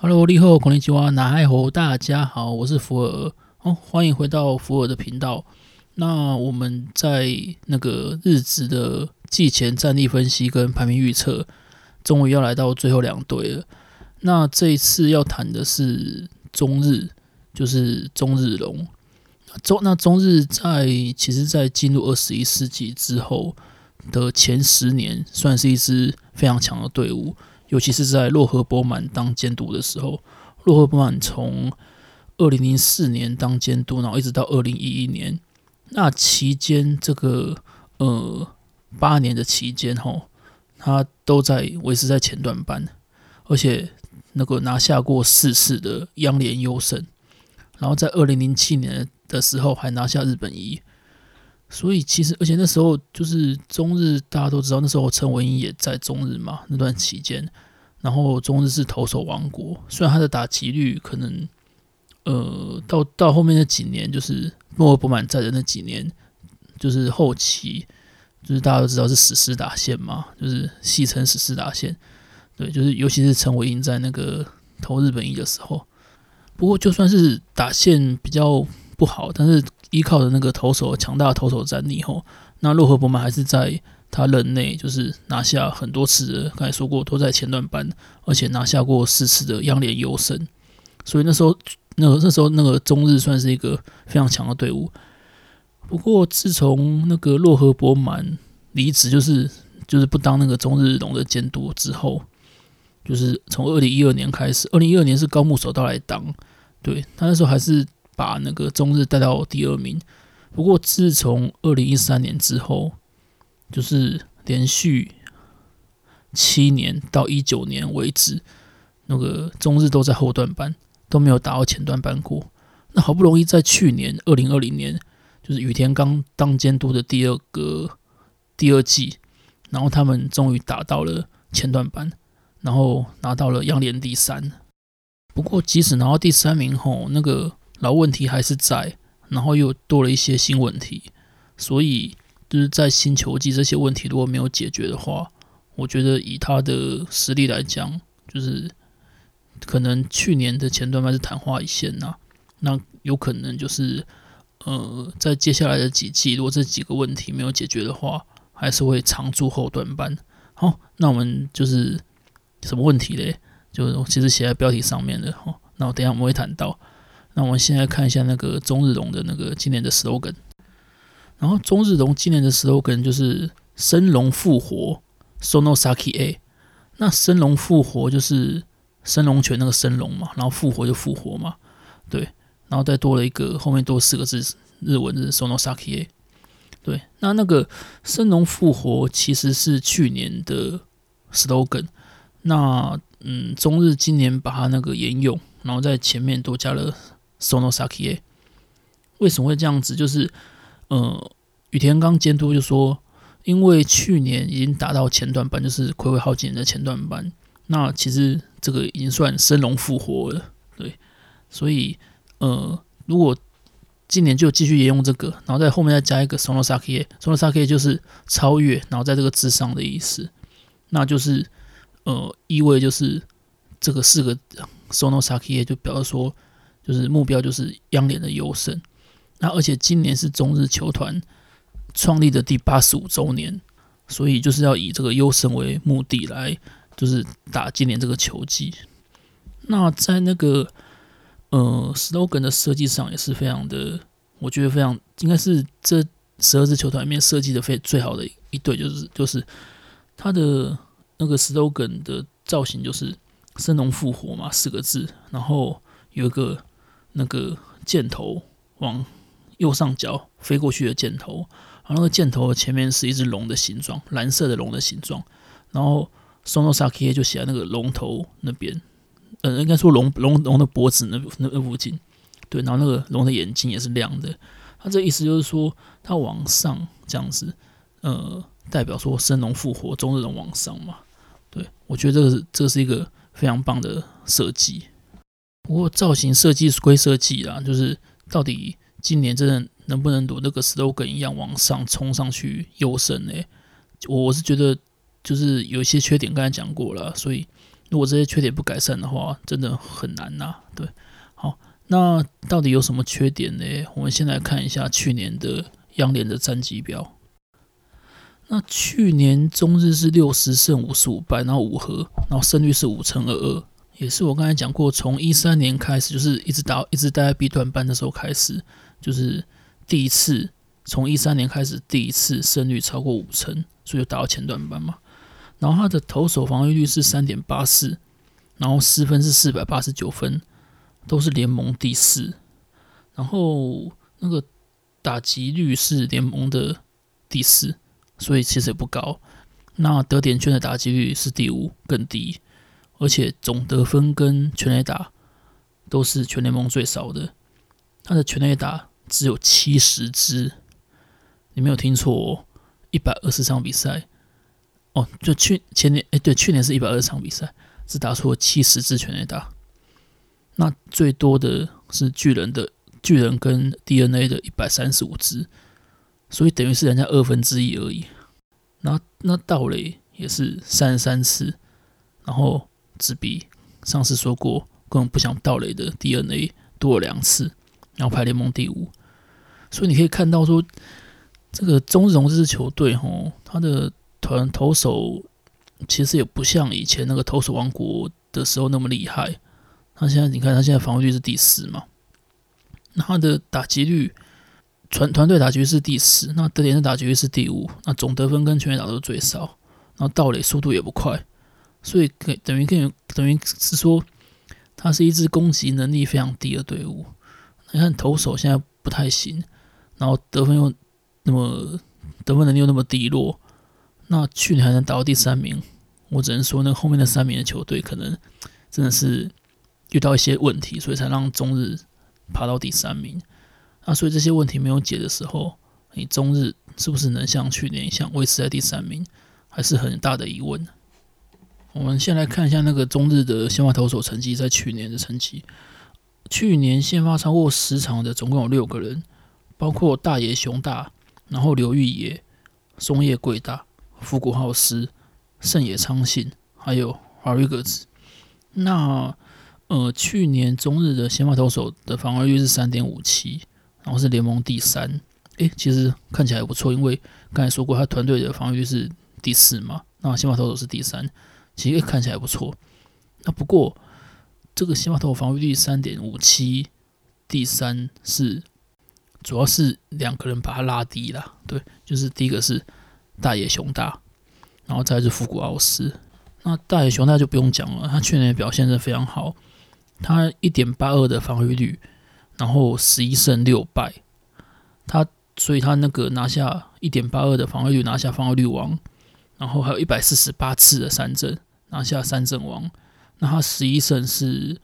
哈嘍，你好，Konnichiwa，哪嗨猴，大家好，我是福爾，哦，歡迎回到福爾的頻道。那我們在那個日職的季前戰力分析跟排名預測，終於要來到最後兩隊了。那這一次要談的是中日，就是中日龍。那中那中日在其實在進入二十一世紀之後的前十年，算是一支非常強的隊伍。尤其是在洛河博滿當監督的時候，洛河博滿從二零零四年當監督，然後一直到二零一一年，那期間這個呃八年的期間吼，他都在維持在前段班，而且那個拿下過四次的央聯優勝，然後在二零零七年的時候還拿下日本一。所以其實，而且那時候就是中日，大家都知道，那時候陳偉殷也在中日嘛。那段期間，然後中日是投手王國，雖然他的打擊率可能，呃，到到後面那幾年，就是落合博滿在的那幾年，就是後期，就是大家都知道是死屍打線嘛，就是戲稱死屍打線。對，就是尤其是陳偉殷在那個投日本一的時候，不過就算是打線比較不好，但是。依靠的那個投手，強大的投手戰力吼，那落合博滿還是在他任內，就是拿下很多次的。剛才說過，都在前段班，而且拿下過四次的央聯優勝。所以那時候，那個、那時候那個中日算是一個非常強的隊伍。不過自從那個落合博滿離職，就是就是不當那個中日龍的監督之後，就是從二零一二年開始，二零一二年是高木守道來當，對，他那時候還是。把那個中日帶到第二名，不過自從二零一三年之後，就是連續七年到一九年為止，那個中日都在後段班，都沒有達到前段班過。那好不容易在去年二零二零年，就是與田剛當監督的第二個第二季，然後他們終於打到了前段班，然後拿到了央聯第三。不過即使拿到第三名後，那個。然後問題還是在，然後又多了一些新問題，所以就是在新球季這些問題如果沒有解決的話，我覺得以他的實力來講，就是可能去年的前段班是曇花一現吶、啊,那有可能就是呃，在接下來的幾季，如果這幾個問題沒有解決的話，還是會常駐後段班。好，那我們就是什麼問題嘞？就其實寫在標題上面的哈，那我等一下我們會談到。那我們現在看一下那個中日龍的那個今年的 slogan，然後中日龍今年的 slogan 就是“升龍復活 ”sono sakia。那“升龍復活”就是升龍拳那個升龍嘛，然後復活就復活嘛，對。然後再多了一個後面多四個字日文是 sono sakia。對，那那個“升龍復活”其實是去年的 slogan，那嗯，中日今年把它那個沿用，然後在前面多加了。sono saki e，為什麼會這樣子？就是，呃，雨田剛監督就說，因為去年已經達到前段班，就是睽違好幾年的前段班，那其實這個已經算昇龍復活了，對，所以，呃，如果今年就繼續沿用這個，然後在後面再加一個 sono saki e，sono saki e 就是超越，然後在這個之上的意思，那就是，呃，意味就是這個四個 sono saki e 就表示說。就是目標就是央聯的優勝，那而且今年是中日球團創立的第八十五周年，所以就是要以這個優勝為目的來，就是打今年這個球季。那在那個呃 slogan 的設計上也是非常的，我覺得非常應該是這十二支球隊裡面設計的非最好的一隊，就是就是它的那個 slogan 的造型就是“昇龍復活”嘛，四個字，然後有一個。那個箭頭往右上角飛過去的箭頭，然後那個箭頭前面是一隻龍的形狀，藍色的龍的形狀，然後 sonosaki 就寫在那個龍頭那邊，呃，應該說龍龍龍的脖子那那附近，對，然後那個龍的眼睛也是亮的，他這個意思就是說他往上這樣子，呃，代表說生龍復活，中日龍往上嘛，對我覺得這個是這是一個非常棒的設計。不過造型設計是歸設計啦，就是到底今年真的能不能如那個 slogan 一樣往上衝上去優勝呢？我我是覺得就是有一些缺點，剛才講過了，所以如果這些缺點不改善的話，真的很難吶。對，好，那到底有什麼缺點呢？我們先來看一下去年的央聯的戰績表。那去年中日是六十勝五十五敗，然後五和，然後勝率是五成二二。也是我剛才講過，從一三年開始，就是一直打，一直待在 B 段班的時候開始，就是第一次從一三年開始第一次勝率超過五成，所以就打到前段班嘛。然後他的投手防禦率是三點八四，然後失分是四百八十九分，都是聯盟第四。然後那個打擊率是聯盟的第四，所以其實也不高。那得點圈的打擊率是第五，更低。而且總得分跟全壘打都是全聯盟最少的。他的全壘打只有七十支，你沒有聽錯哦，一百二十場比賽哦，就去前年，誒，對，去年是一百二十場比賽，只打出了七十支全壘打。那最多的是巨人的巨人跟 DNA 的一百三十五支，所以等於是人家二分之一而已。那那盜壘也是三十三次，然後。只比，上次說過，根本不想盜壘的 DNA 多了兩次，然後排聯盟第五，所以你可以看到說，這個中日龍這支球隊，吼，他的團投手其實也不像以前那個投手王國的時候那麼厲害，那現在你看，他現在防禦率是第四嘛，那他的打擊率，團團隊打擊率是第四，那德聯的打擊率是第五，那總得分跟全壘打都最少，然後盜壘速度也不快。所以，等等於等於，是說，他是一支攻擊能力非常低的隊伍。你看，投手現在不太行，然後得分又那麼得分能力又那麼低落，那去年還能打到第三名，我只能說，那後面那三名的球隊可能真的是遇到一些問題，所以才讓中日爬到第三名啊。那所以這些問題沒有解的時候，你中日是不是能像去年一樣維持在第三名，還是很大的疑問。我們先來看一下那個中日的先發投手成績，在去年的成績，去年先發超過十場的總共有六個人，包括大野雄大，然後劉玉野、松葉貴大、福谷浩司、勝野昌信，還有二爾格子。那呃，去年中日的先發投手的防禦率是三點五七，然後是聯盟第三。誒，其實看起來還不錯，因為剛才說過他團隊的防禦率是第四嘛，那先發投手是第三。其實、欸、看起來不錯，那不過這個西馬頭防禦率三點五七，第三是主要是兩個人把他拉低啦，對，就是第一個是大野雄大，然後再來是福谷浩司。那大野雄大就不用講了，他去年表現的非常好，他一點八二的防御率，然後十一勝六敗，他所以他那個拿下一點八二的防御率，拿下防御率王，然後還有一百四十八次的三振。拿下三振王，那他十一勝是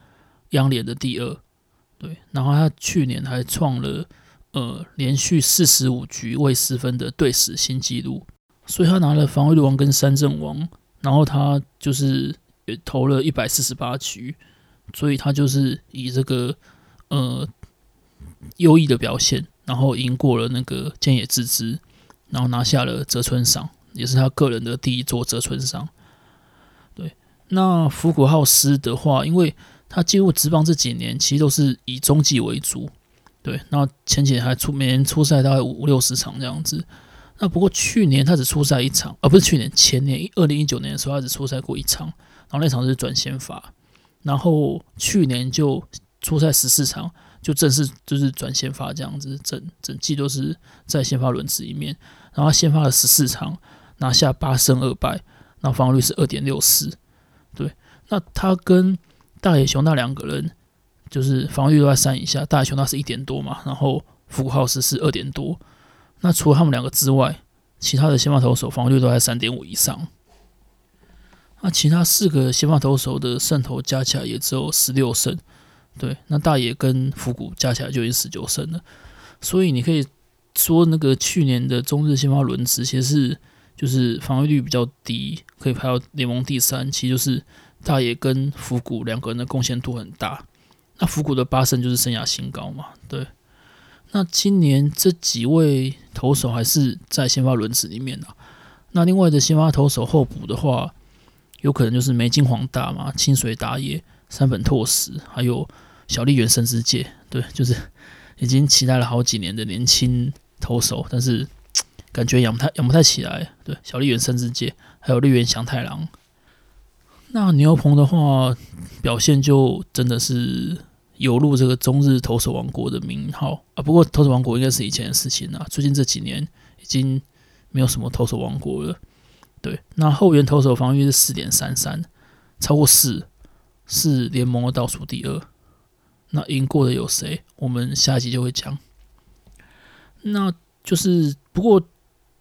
央聯的第二，對，然後他去年還創了呃連續四十五局未失分的隊史新紀錄，所以他拿了防禦率王跟三振王，然後他就是也投了一百四十八局，所以他就是以這個呃優異的表現，然後贏過了那個菅野智之，然後拿下了澤村賞，也是他個人的第一座澤村賞。那福谷浩司的話，因為他進入職棒這幾年，其實都是以中繼為主，對。那前幾年還出每年出賽大概五六十場這樣子。那不過去年他只出賽一場，啊，不是去年，前年二零一九年的時候，他只出賽過一場，然後那場就是轉先發。然後去年就出賽十四場，就正式就是轉先發這樣子，整整季都是在先發輪值裡面。然後他先發了十四場，拿下八勝二敗，那防御率是二點六四。對，那他跟大野雄大兩個人，就是防禦都在三以下。大野雄大是一點多嘛，然後福谷浩司是是二點多。那除了他們兩個之外，其他的先發投手防禦都在三點五以上。那其他四個先發投手的勝投加起來也只有十六勝。對，那大野跟福谷加起來就已經十九勝了。所以你可以說，那個去年的中日先發輪值其實是。就是防禦率比較低，可以排到聯盟第三。其實就是大野跟福谷兩個人的貢獻度很大。那福谷的八勝就是生涯新高嘛？對。那今年這幾位投手還是在先發輪值裡面呢、啊。那另外的先發投手候補的話，有可能就是梅津晃大嘛、清水達也、山本拓實，還有小笠原慎之介。對，就是已經期待了好幾年的年輕投手，但是。感覺養不太養不太起來，對小笠原慎之介，還有笠原祥太郎。那牛棚的話，表現就真的是有入這個中日投手王國的名號啊。不過投手王國應該是以前的事情了、啊，最近這幾年已經沒有什麼投手王國了。對，那後援投手防禦是四點三三，超過四是聯盟的倒數第二。那贏過的有誰？我們下一集就會講。那就是不過。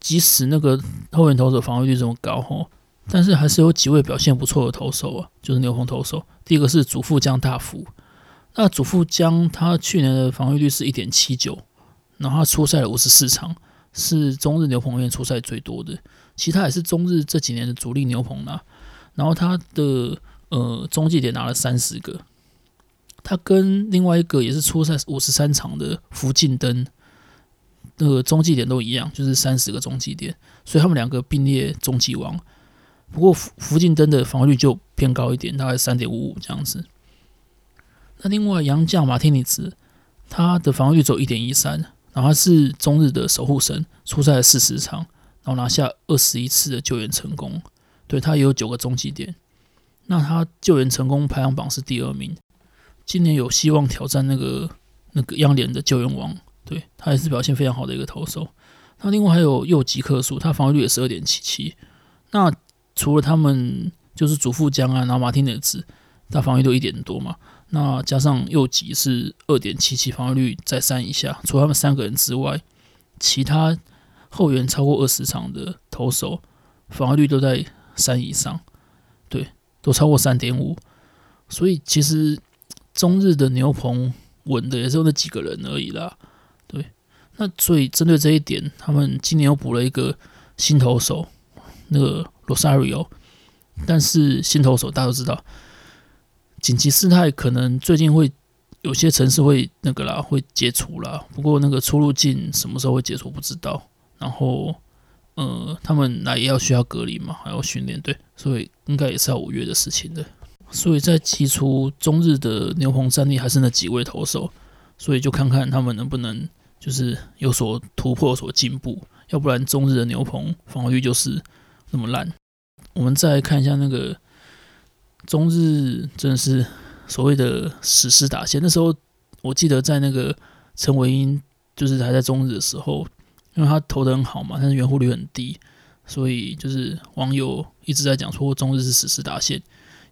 即使那個後援投手防禦率這麼高哦，但是還是有幾位表現不錯的投手啊，就是牛棚投手。第一個是祖父江大輔，那祖父江他去年的防禦率是一點七九，然後他出賽了五十四場，是中日牛棚裡面出賽最多的，其他也是中日這幾年的主力牛棚啦。然後他的呃中繼點拿了三十個，他跟另外一個也是出賽五十三場的福敬登，那個中繼點都一樣，就是三十個中繼點，所以他們兩個並列中繼王。不過，福福敬登的防禦率就偏高一點，大概三點五五這樣子。那另外，洋將馬丁尼茲，他的防禦率走一點一三，然後他是中日的守護神，出賽四十場，然後拿下二十一次的救援成功。對，他也有九個中繼點，那他救援成功排行榜是第二名，今年有希望挑戰那個那個央聯的救援王。對他也是表現非常好的一個投手。那另外還有又吉克樹，他防禦率也是二點七七。那除了他們就是祖父江啊，然後馬丁內茲，他防御都一點多嘛。那加上又吉是二點七七，防禦率在三以下。除了他們三個人之外，其他後援超過二十場的投手，防禦率都在三以上，對，都超過三點五。所以其實中日的牛棚穩的也是那幾個人而已啦。那所以針對這一點，他們今年又補了一個新投手，那個 Rosario。但是新投手大家都知道，緊急事態可能最近會有些城市會那個啦，會解除啦。不過那個出入境什麼時候會解除不知道。然後呃，他們來也要需要隔離嘛，還要訓練，對，所以應該也是要五月的事情的。所以在起初中日的牛棚戰力還是那幾位投手，所以就看看他們能不能。就是有所突破，有所進步，要不然中日的牛棚防禦就是那麼爛。我們再來看一下那個中日，真的是所謂的死屍打線。那時候我記得在那個陳偉殷就是還在中日的時候，因為他投的很好嘛，但是援護率很低，所以就是網友一直在講說中日是死屍打線，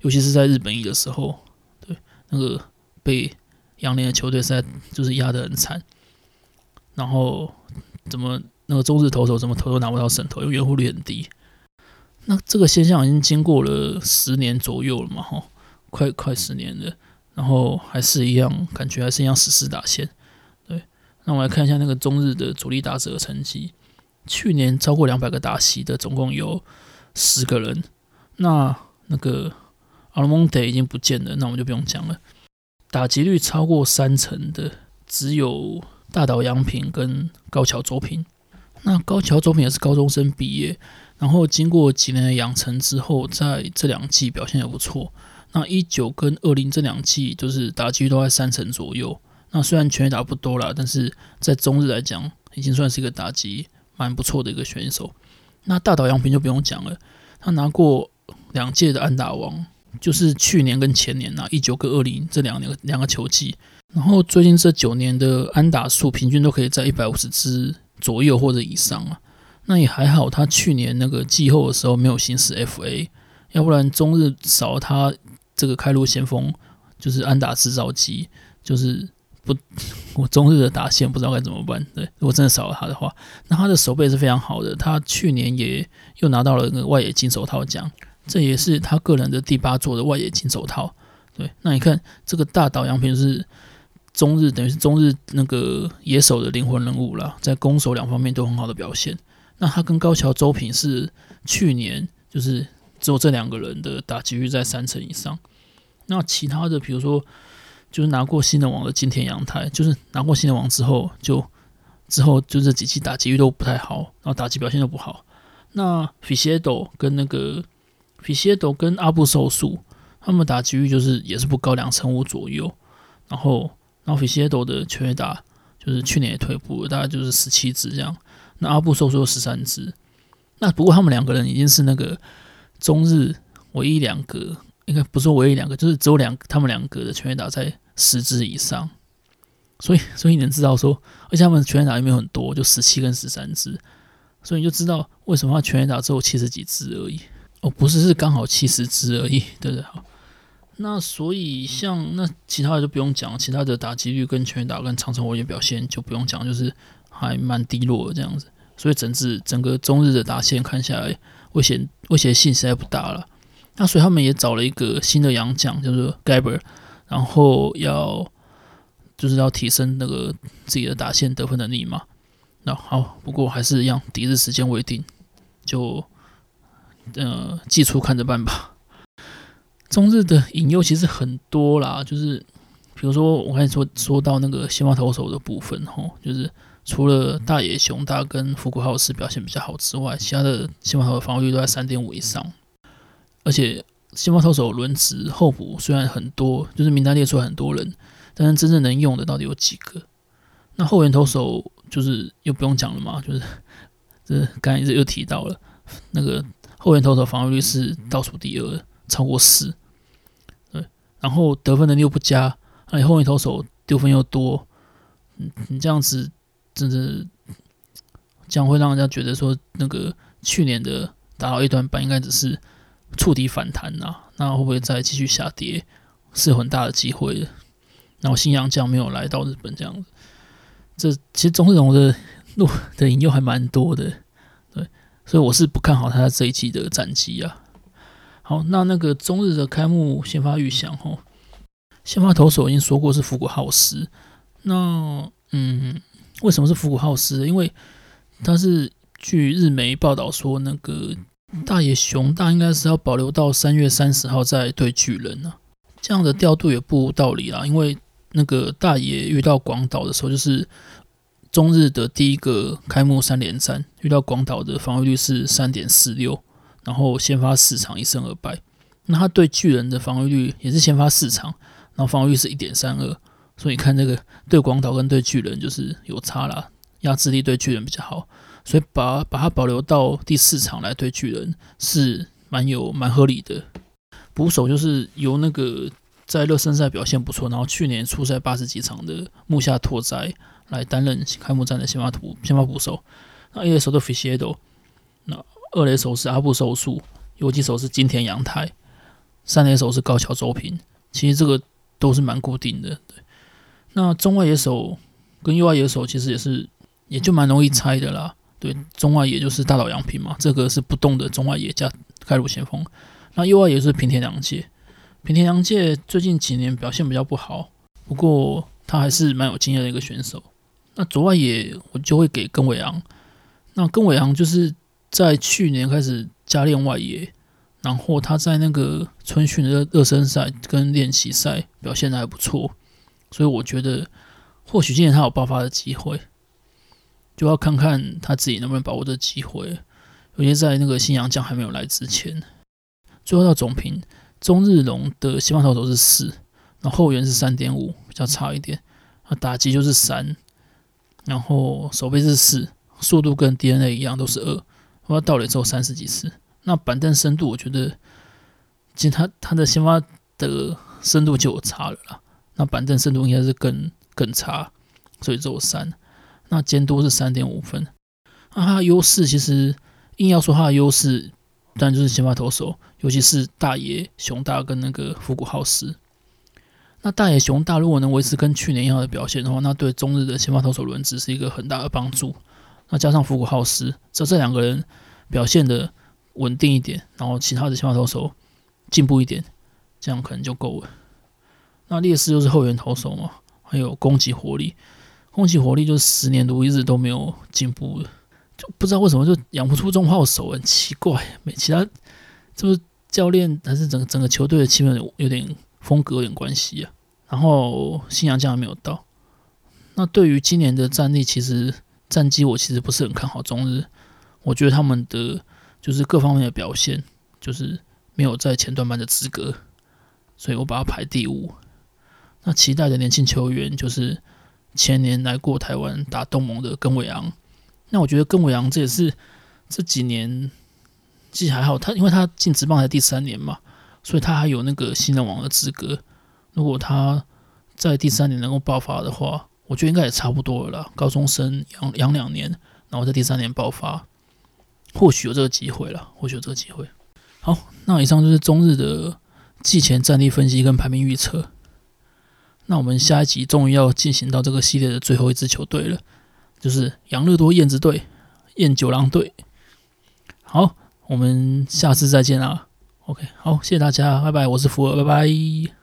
尤其是在日本一的時候，對那個被洋聯的球隊在就是壓的很慘。然後怎麼那個中日投手怎麼投都拿不到勝投，因為援護率很低。那這個現象已經經過了十年左右了嘛，哈，快快十年了。然後還是一樣，感覺還是一樣死屍打線。對，那我們來看一下那個中日的主力打者成績。去年超過兩百個打席的，總共有十個人。那那個阿爾蒙德已經不見了，那我們就不用講了。打擊率超過三成的只有大島洋平跟高橋周平，那高橋周平也是高中生畢業，然後經過幾年的養成之後，在這兩季表現也不錯。那一九跟二零這兩季，就是打擊率都在三成左右。那雖然全壘打不多啦，但是在中日來講，已經算是一個打擊蠻不錯的一個選手。那大島洋平就不用講了，他拿過兩屆的安打王，就是去年跟前年呢，一九跟二零這兩年兩個球季。然後最近這九年的安打數平均都可以在一百五十支左右或者以上啊，那也還好，他去年那個季後的時候沒有行使 F A，要不然中日少了他這個開路先鋒，就是安打製造機，就是不，我中日的打線不知道該怎麼辦。對，如果真的少了他的話，那他的守備是非常好的，他去年也又拿到了那個外野金手套獎，這也是他個人的第八座的外野金手套。對，那你看這個大島洋平是。中日等於是中日那個野手的靈魂人物啦，在攻守兩方面都很好的表現。那他跟高橋周平是去年就是只有這兩個人的打擊率在三成以上。那其他的比如說就是拿過新人王的京田陽太，就是拿過新人王之，之後就之後就這幾期打擊率都不太好，然後打擊表現都不好。那皮耶鬥跟那個皮耶鬥跟阿部壽樹，他們打擊率就是也是不高，兩成五左右，然後。然後菲西耶德的全壘打就是去年也退步了，大概就是十七支這樣。那阿布收縮十三支，那不過他們兩個人已經是那個中日唯一兩個，應該不是唯一兩個，就是只有兩他們兩個的全壘打在十支以上。所以，所以你能知道說，而且他們全壘打也沒有很多，就十七跟十三支，所以你就知道為什麼他全壘打只有七十幾支而已。哦，不是，是剛好七十支而已，對不對？那所以像那其他的就不用講，其他的打擊率跟全壘打跟長程火力表現就不用講，就是還蠻低落的這樣子。所以整支整個中日的打線看下來，危險威脅性實在不大了。那所以他們也找了一個新的洋將，就是 Gabber，然後要就是要提升那個自己的打線得分能力嘛。那好，不過還是一樣，抵日時間未定，就呃季初看着辦吧。中日的隱憂其實很多啦，就是比如說我剛才說說到那個先發投手的部分吼，就是除了大野雄大跟福谷浩司表現比較好之外，其他的先發投手防禦率都在三點五以上，而且先發投手輪值候補雖然很多，就是名單列出來很多人，但是真正能用的到底有幾個？那後援投手就是又不用講了嘛，就是呵呵這剛才這又提到了那個後援投手防禦率是倒數第二，超過四。然後得分能力又不佳，那後面投手丟分又多，你你這樣子真的將會讓人家覺得說，那個去年的打好一段板應該只是觸底反彈吶、啊，那會不會再繼續下跌，是很大的機會的。然後新洋將沒有來到日本這樣子，這其實中日龍的路的隱憂還蠻多的，對，所以我是不看好他這一季的戰績啊。好，那那個中日的開幕先發預想哈，先發投手已經說過是福谷浩司，那嗯，為什麼是福谷浩司？因為他是據日媒報道說，那個大野雄大應該是要保留到三月三十號再對巨人呢、啊。這樣的調度也不無道理啦，因為那個大野遇到廣島的時候，就是中日的第一個開幕三連戰，遇到廣島的防禦率是三點四六。然後先發四場一勝二敗，那他對巨人的防御率也是先發四場，然後防御率是一點三二，所以你看這個對廣島跟對巨人就是有差啦，壓制力對巨人比較好，所以把把它保留到第四場來對巨人是蠻有蠻合理的。捕手就是由那個在熱身賽表現不錯，然後去年出賽八十幾場的木下拓哉來擔任開幕戰的先發圖先發捕手，那到 f i 的費切多那。二壘手是阿部壽樹，游擊手是京田陽太，三壘手是高橋周平。其實這個都是蠻固定的。對，那中外野手跟右外野手其實也是，也就蠻容易猜的啦。對，中外野就是大島洋平嘛，這個是不動的。中外野加開路先鋒，那右外野是平田良介。平田良介最近幾年表現比較不好，不過他還是蠻有經驗的一個選手。那左外野我就會給根尾昂，那根尾昂就是。在去年開始加練外野，然後他在那個春訓的熱身賽跟練習賽表現的還不錯，所以我覺得或許今年他有爆發的機會，就要看看他自己能不能把握這機會。尤其在那個新洋將還沒有來之前。最後到總評，中日龍的先發投手是四，然後後援是三點五，比較差一點。那打擊就是三，然後守備是四，速度跟 DNA 一樣都是二。我要到了也只有三十幾次，那板凳深度我覺得，其實他他的先發的深度就有差了啦。那板凳深度應該是更更差，所以只有三。那監督是三點五分，那他的優勢其實硬要說他的優勢，當然就是先發投手，尤其是大野雄大跟那個福谷浩司。那大野雄大如果能維持跟去年一樣的表現的話，那對中日的先發投手輪值是一個很大的幫助。那加上福谷浩司，這這兩個人表現的穩定一點，然後其他的先發投手進步一點，這樣可能就夠了。那劣勢就是後援投手嘛，還有攻擊火力，攻擊火力就是十年如一日都沒有進步，就不知道為什麼就養不出中砲手，很奇怪。沒其他，就是教練還是整整個球隊的氣氛有，有點風格有點關係啊。然後新洋將還沒有到，那對於今年的戰力其實。戰績我其實不是很看好中日，我覺得他們的就是各方面的表現就是沒有在前段班的資格，所以我把它排第五。那期待的年輕球員就是前年來過台灣打冬盟的根尾昂，那我覺得根尾昂這也是這幾年其實還好，他因為他進職棒才第三年嘛，所以他還有那個新人王的資格。如果他在第三年能夠爆發的話，我覺得應該也差不多了啦。高中生養養兩年，然後在第三年爆發，或許有這個機會了，或許有這個機會。好，那以上就是中日的季前戰力分析跟排名預測。那我們下一集終於要進行到這個系列的最後一支球隊了，就是養樂多燕子隊、燕九郎隊。好，我們下次再見啦。OK，好，謝謝大家，拜拜，我是福爾，拜拜。